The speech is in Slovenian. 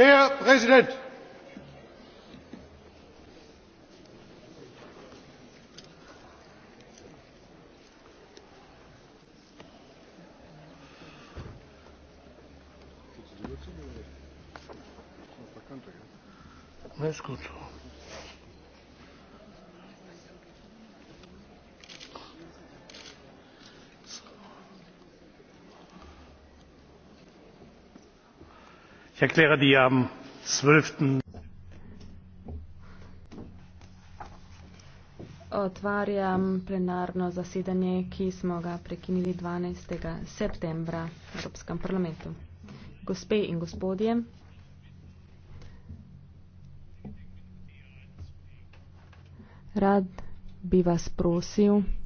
der präsident! ich erkläre die am. zwölf otvarjam plenarno zasedanje ki smo ga prekinili 12. septembra v evropskem parlamentu gospe in gospodje rad bi vas prosil